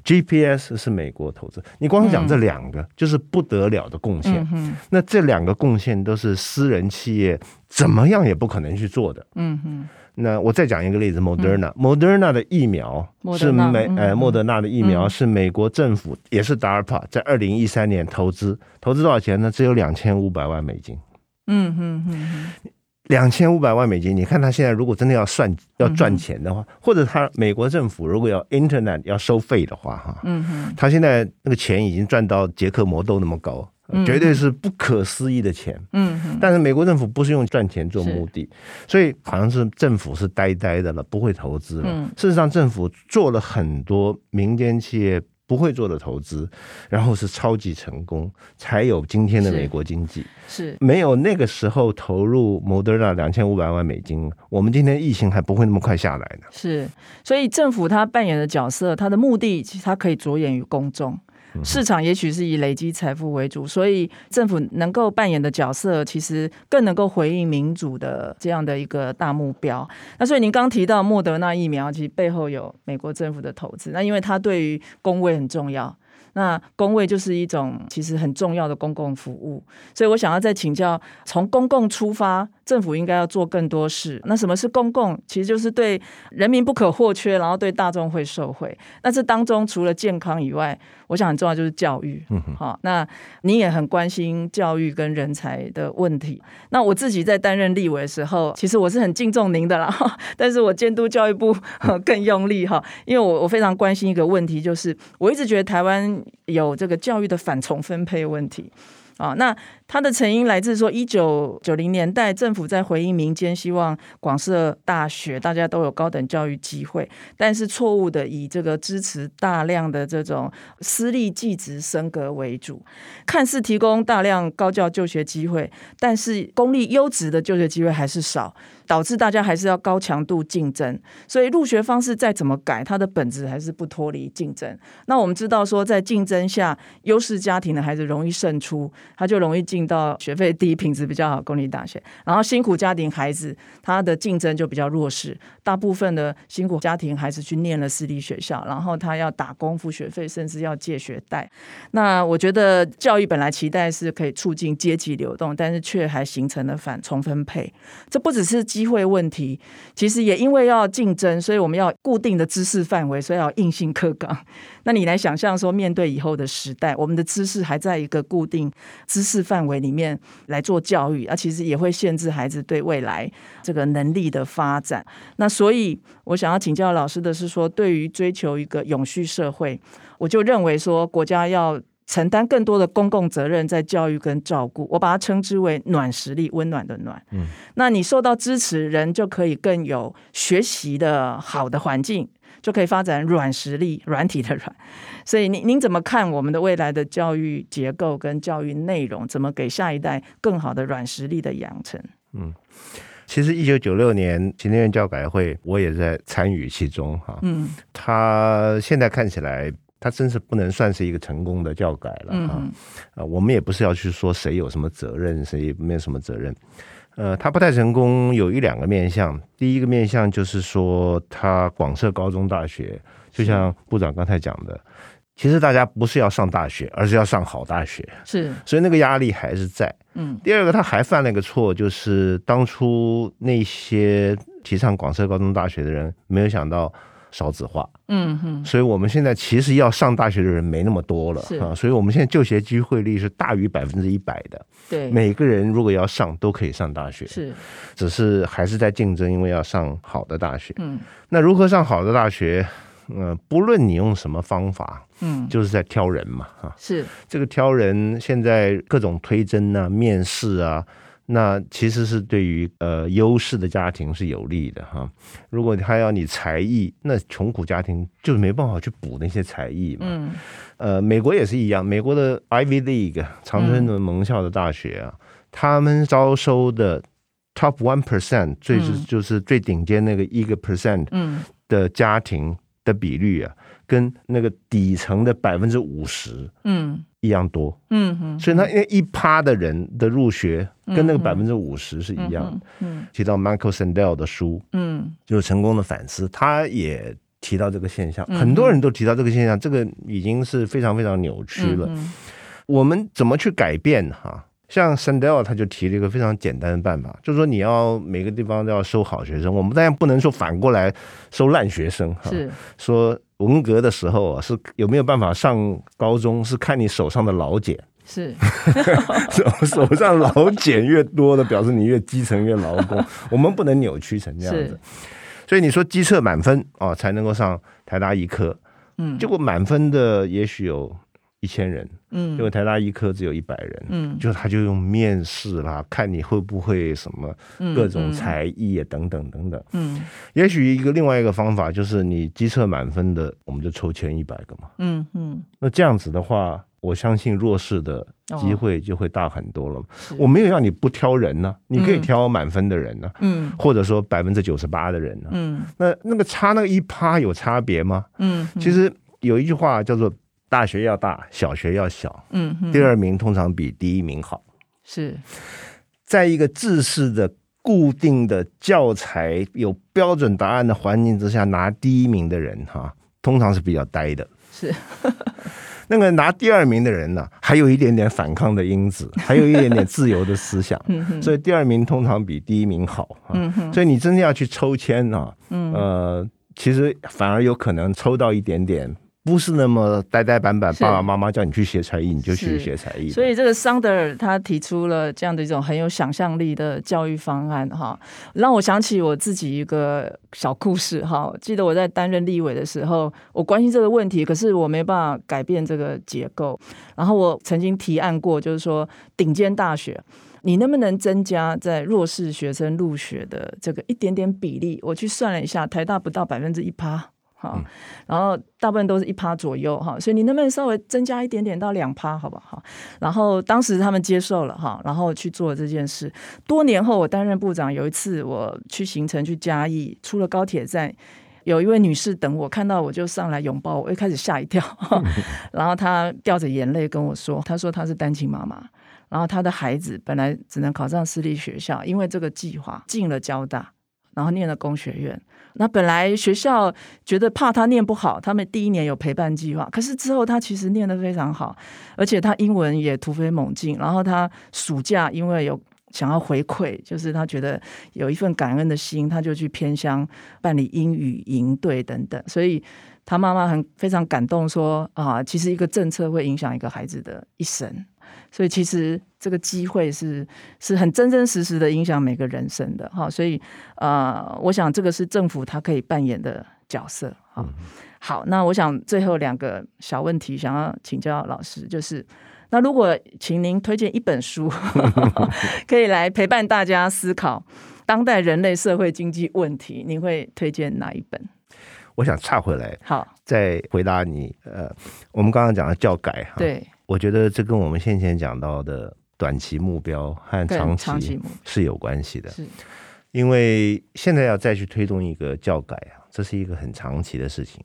，GPS 是美國投資。你光講這兩個，就是不得了的貢獻，嗯。那這兩個貢獻都是私人企業怎麼樣也不可能去做的。嗯哼。那我再講一個例子，Moderna，Moderna Moderna 的疫苗是美，呃、嗯哎，莫德納的疫苗是美國政府、嗯、也是 DARPA 在二零一三年投資，投資多少錢呢？只有兩千五百萬美金。嗯哼哼。兩千五百萬美金，你看他現在如果真的要算要賺錢的話、嗯，或者他美國政府如果要 Internet 要收費的話，哈、嗯，嗯哼，他現在那個錢已經賺到傑克魔豆那麼高。絕對是不可思議的錢，嗯，但是美國政府不是用賺錢做目的，所以好像是政府是呆呆的了，不會投資了。嗯、事實上，政府做了很多民間企業不會做的投資，然後是超級成功，才有今天的美國經濟。是，是沒有那個時候投入 Moderna 兩千五百萬美金，我們今天疫情還不會那麼快下來呢。是，所以政府它扮演的角色，它的目的其實它可以着眼於公眾。市場也許是以累積財富為主，所以政府能夠扮演的角色，其實更能夠回應民主的這樣的一個大目標。那所以您剛提到莫德納疫苗，其實背後有美國政府的投資。那因為它對於公衛很重要，那公衛就是一種其實很重要的公共服務。所以我想要再請教，從公共出發。政府應該要做更多事。那什麼是公共？其實就是對人民不可或缺，然後對大眾會受惠。那這當中除了健康以外，我想很重要就是教育。好，嗯哼，那你也很關心教育跟人才的問題。那我自己在擔任立委的時候，其實我是很敬重您的啦，但是我監督教育部更用力哈，因為我我非常關心一個問題，就是我一直覺得台灣有這個教育的反重分配問題啊。那他的成因來自說，一九九零年代政府在回應民間希望廣設大學，大家都有高等教育機會，但是錯誤的以這個支持大量的這種私立技職升格為主，看似提供大量高教就學機會，但是公立優質的就學機會還是少，導致大家還是要高強度競爭。所以入學方式再怎麼改，它的本質還是不脫離競爭。那我們知道說，在競爭下，優勢家庭的孩子容易勝出，他就容易競進到學費低、品質比較好公立大學，然後辛苦家庭孩子他的競爭就比較弱勢。大部分的辛苦家庭孩子去念了私立學校，然後他要打工付學費，甚至要借學貸。那我覺得教育本來期待是可以促進階級流動，但是卻還形成了反重分配。這不只是機會問題，其實也因為要競爭，所以我們要固定的知識範圍，所以要硬性課綱。那你來想象說，面對以後的時代，我們的知識還在一個固定知識範圍裡面來做教育，啊，其實也會限制孩子對未來這個能力的發展。那所以，我想要請教老師的是說，對於追求一個永續社會，我就認為說，國家要承擔更多的公共責任，在教育跟照顧，我把它稱之為“暖實力”，溫暖的暖。嗯，那你受到支持，人就可以更有學習的好的環境。就可以發展軟實力，軟體的軟。所以，您您怎麼看我們的未來的教育結構跟教育內容，怎麼給下一代更好的軟實力的養成？嗯，其實一九九六年，行政院教改會，我也在參與其中哈、啊。嗯，它現在看起來，它真是不能算是一個成功的教改了啊、嗯。啊，我們也不是要去說誰有什麼責任，誰沒有什麼責任。呃，他不太成功，有一兩個面向。第一個面向就是說，他廣設高中大學，就像部長剛才講的，其實大家不是要上大學，而是要上好大學，是，所以那個壓力還是在。嗯，第二個他還犯了一個錯，就是當初那些提倡廣設高中大學的人，沒有想到。少子化，嗯哼，所以我們現在其實要上大學的人沒那麼多了，是啊，所以我們現在就學機會率是大於百分之一百的，對，每個人如果要上都可以上大學，是，只是還是在競爭，因為要上好的大學，嗯，那如何上好的大學？嗯、呃，不論你用什麼方法，嗯，就是在挑人嘛，啊，是這個挑人，現在各種推甄啊，面試啊。那其實是對於呃優勢的家庭是有利的哈，如果他要你才藝，那窮苦家庭就是沒辦法去補那些才藝嘛、嗯。呃，美國也是一樣，美國的 Ivy League 常春藤盟校的大學啊，嗯、他們招收的 top one percent 最是就是最頂尖那個一個 percent 的家庭的比率啊。嗯嗯跟那個底層的百分之五十，嗯，一樣多，嗯哼。所以他因為一趴的人的入學跟那個百分之五十是一樣嗯嗯。嗯，提到 Michael Sandel 的書，嗯，就是成功的反思，他也提到這個現象，嗯、很多人都提到這個現象、嗯，這個已經是非常非常扭曲了。嗯嗯、我們怎麼去改變？哈，像 Sandel 他就提了一個非常簡單的辦法，就是說你要每個地方都要收好學生，我們當然不能說反過來收爛學生，是說。文革的時候啊，是有沒有辦法上高中？是看你手上的老繭，是 手上老繭越多的，表示你越基層越勞工。 我們不能扭曲成這樣子，所以你說基測滿分啊，才能夠上台大醫科。嗯，結果滿分的也許有。一千人，嗯，因為台大醫科只有一百人，嗯，就他就用面試啦，看你會不會什麼各種才藝啊等等等等，嗯，嗯，也許一個另外一個方法就是你基測滿分的，我們就抽簽一百個嘛，嗯嗯，那這樣子的話，我相信弱勢的機會就會大很多了。哦、我沒有讓你不挑人呢、啊，你可以挑滿分的人呢、啊，嗯，或者說百分之九十八的人呢、啊，嗯，那那個差那個一趴有差別嗎嗯？嗯，其實有一句話叫做。大學要大，小學要小，嗯哼，第二名通常比第一名好，是在一個制式的固定的教材有標準答案的環境之下拿第一名的人哈、啊，通常是比較呆的，是， 那個拿第二名的人呢，還有一點點反抗的因子，還有一點點自由的思想， 嗯、所以第二名通常比第一名好，啊嗯，所以你真的要去抽籤啊，呃，嗯、其實反而有可能抽到一點點，不是那麼呆呆板板，爸爸媽媽叫你去學才藝，你就去學才藝。所以這個桑德爾他提出了這樣的一種很有想象力的教育方案，哈，讓我想起我自己一個小故事，哈。記得我在擔任立委的時候，我關心這個問題，可是我沒辦法改變這個結構。然後我曾經提案過，就是說頂尖大學，你能不能增加在弱勢學生入學的這個一點點比例？我去算了一下，台大不到百分之一趴。好，然後大部分都是一趴左右哈，所以你能不能稍微增加一點點到兩趴，好不好？然後當時他們接受了哈，然後去做了這件事。多年後，我擔任部長，有一次我去行程去嘉義，出了高鐵站，有一位女士等我，看到我就上來擁抱我，我一開始嚇一跳，然後她掉着眼淚跟我說，她說她是單親媽媽，然後她的孩子本來只能考上私立學校，因為這個計劃進了交大，然後念了工學院。那本來學校覺得怕他念不好，他們第一年有陪伴計劃，可是之後他其實念得非常好，而且他英文也突飛猛進。然後他暑假因為有想要回饋，就是他覺得有一份感恩的心，他就去偏鄉辦理英語營隊等等。所以他媽媽很非常感動說，說啊，其實一個政策會影響一個孩子的一生。所以其實這個機會是是很真真實實的影響每個人生的哈，所以呃，我想這個是政府它可以扮演的角色。好，那我想最後兩個小問題想要請教老師，就是那如果請您推薦一本書， 可以來陪伴大家思考當代人類社會經濟問題，您會推薦哪一本？我想岔回來，好，再回答你，呃，我們剛剛講的教改哈。對。我覺得這跟我們先前講到的短期目標和長期是有關係的，因為現在要再去推動一個教改啊，這是一個很長期的事情。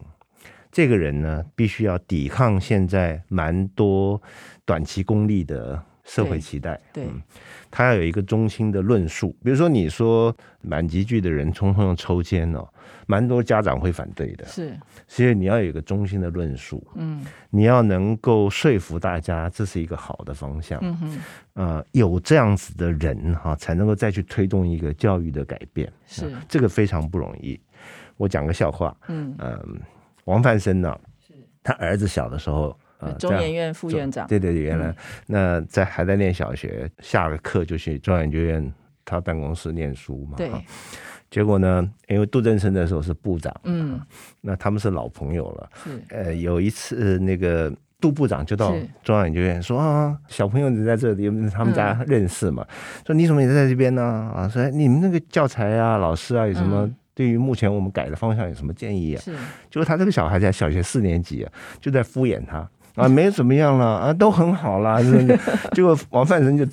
這個人呢，必須要抵抗現在蠻多短期功利的。社會期待，對，對、嗯，他要有一個中心的論述。比如說，你說滿級分的人統統抽籤哦，蠻多家長會反對的。是，所以你要有一個中心的論述，嗯，你要能夠說服大家，這是一個好的方向。嗯啊、呃，有這樣子的人哈，才能夠再去推動一個教育的改變、呃。是，這個非常不容易。我講個笑話，嗯、呃、王汎森呢、啊，他兒子小的時候。啊、中研院副院長，啊、對對對，原來、嗯、那在還在念小學，下了課就去中央研究院他辦公室念書嘛。對、啊，結果呢，因為杜正勝那時候是部長，嗯，啊、那他們是老朋友了。呃，有一次那個杜部長就到中央研究院說啊，小朋友你在這裡，他們家認識嘛、嗯，說你怎麼也在這邊呢？啊，說你們那個教材啊，老師啊，有什麼對於目前我們改的方向有什麼建議啊？是，結果他這個小孩在小學四年級、啊、就在敷衍他，啊，沒怎麼樣了啊，都很好了。結果王汎森就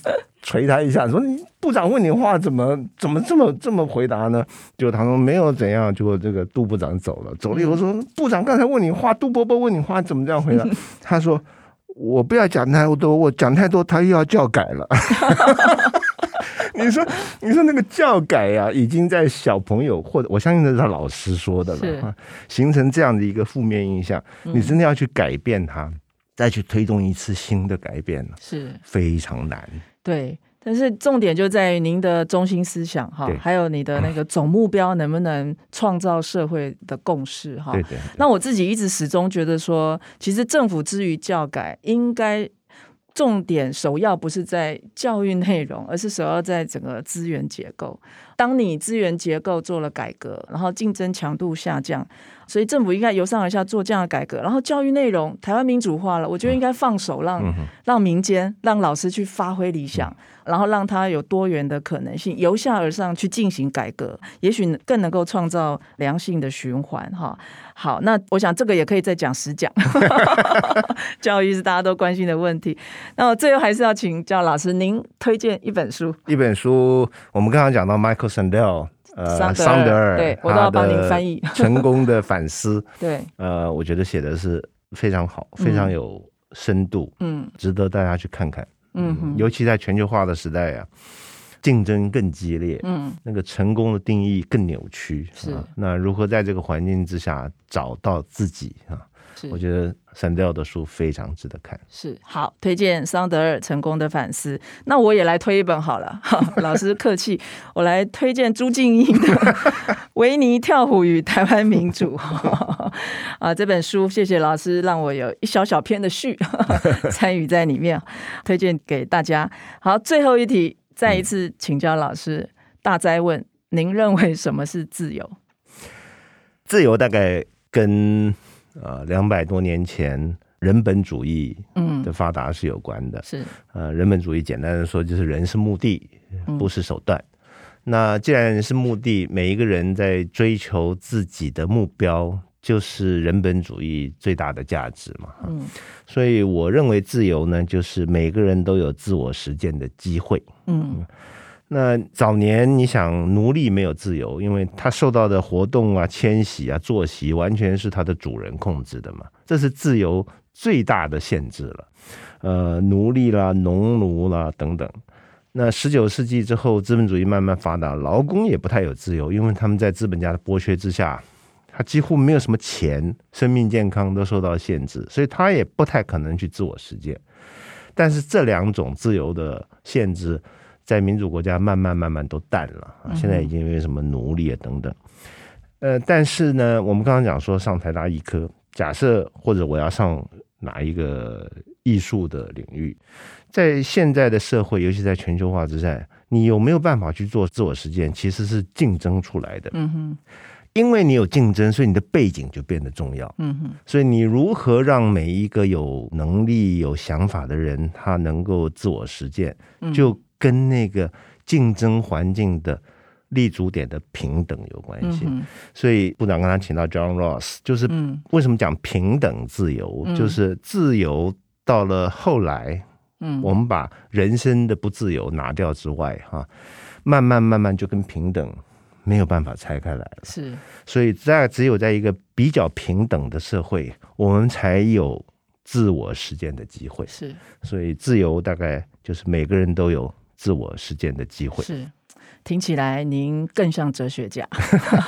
捶他一下，說：“你部長問你話，怎麼怎麼這麼這麼回答呢？”就他說沒有怎樣。結果這個杜部長走了，走了以後說：“部長剛才問你話，杜伯伯問你話，怎麼這樣回答？”他說：“我不要講太多，我講太多，他又要教改了。 ”你說，你說那個教改呀、啊，已經在小朋友，或者我相信這是他老師說的了，形成這樣的一個負面印象，你真的要去改變他。再去推動一次新的改變是非常難。對，但是重點就在於您的中心思想哈，還有你的那個總目標能不能創造社會的共識哈？嗯、對，對對。那我自己一直始終覺得說，其實政府之於教改，應該重點首要不是在教育內容，而是首要在整個資源結構。當你資源結構做了改革，然後競爭強度下降。所以政府應該由上而下做這樣的改革，然後教育內容台灣民主化了，我覺得應該放手讓、嗯、讓民間讓老師去發揮理想、嗯，然後讓他有多元的可能性，由下而上去進行改革，也許更能夠創造良性的循環哈。好，那我想這個也可以再講十講。 教育是大家都關心的問題，那我最後還是要請教老師，您推薦一本書？一本書，我們剛剛講到 Michael Sandel。呃，桑德爾，對，我都要幫您翻譯成功的反思， 對，呃，我覺得寫的是非常好，非常有深度，嗯，值得大家去看看，嗯，嗯，尤其在全球化的時代呀，啊，競爭更激烈，嗯，那個成功的定義更扭曲，是，啊，那如何在這個環境之下找到自己啊？我覺得桑德爾的書非常值得看，是好推薦。桑德爾成功的反思，那我也來推一本好了。好，老師客氣， 我來推薦朱敬一的《維尼跳虎與台灣民主》啊， 這本書謝謝老師讓我有一小小篇的序參與在裡面，推薦給大家。好，最後一題，再一次請教老師，大哉問：您認為什麼是自由？自由大概跟呃，兩百多年前，人本主義的發達是有關的。嗯。是，呃，人本主義簡單的說就是人是目的，不是手段。嗯。那既然是目的，每一個人在追求自己的目標，就是人本主義最大的價值嘛。嗯，所以我認為自由呢，就是每個人都有自我實踐的機會。嗯。那早年你想奴隸沒有自由，因為他受到的活動啊、遷徙啊、作息完全是他的主人控制的嘛，這是自由最大的限制了。呃，奴隸啦、農奴啦等等。那十九世紀之後，資本主義慢慢發達，勞工也不太有自由，因為他們在資本家的剝削之下，他幾乎沒有什麼錢，生命健康都受到限制，所以他也不太可能去自我實踐。但是這兩種自由的限制。在民主國家，慢慢慢慢都淡了啊！現在已經沒有什麼奴隸啊等等，呃，但是呢，我們剛剛講說上台大醫科假設或者我要上哪一個藝術的領域，在現在的社會，尤其在全球化之下，你有沒有辦法去做自我實踐？其實是競爭出來的，嗯哼，因為你有競爭，所以你的背景就變得重要，嗯哼，所以你如何讓每一個有能力、有想法的人，他能夠自我實踐，就。跟那個競爭環境的立足點的平等有關係，所以部長剛才請到 John Ross，就是為什麼講平等自由，就是自由到了後來，我們把人生的不自由拿掉之外，哈，慢慢慢慢就跟平等沒有辦法拆開來了。是，所以在只有在一個比較平等的社會，我們才有自我實踐的機會。是，所以自由大概就是每個人都有。自我實踐的機會是。聽起來您更像哲學家，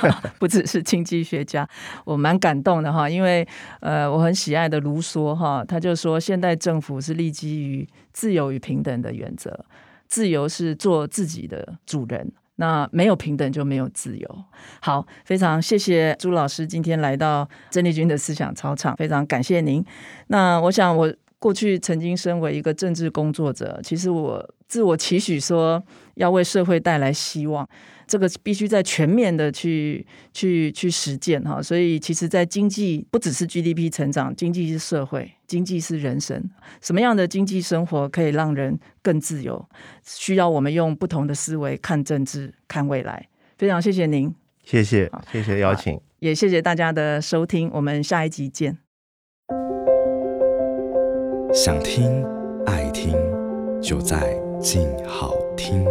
不只是經濟學家。我蠻感動的哈，因為呃，我很喜愛的盧梭哈，他就說，現代政府是立基於自由與平等的原則，自由是做自己的主人，那沒有平等就沒有自由。好，非常謝謝朱老師今天來到鄭麗君的思想操場，非常感謝您。那我想我。過去曾經身為一個政治工作者，其實我自我期許說要為社會帶來希望，這個必須在全面的去去去實踐哈。所以，其實，在經濟不只是 GDP 成長，經濟是社會，經濟是人生，什麼樣的經濟生活可以讓人更自由？需要我們用不同的思維看政治，看未來。非常謝謝您，謝謝，謝謝邀請，也謝謝大家的收聽，我們下一集見。想聽，愛聽，就在鏡好聽。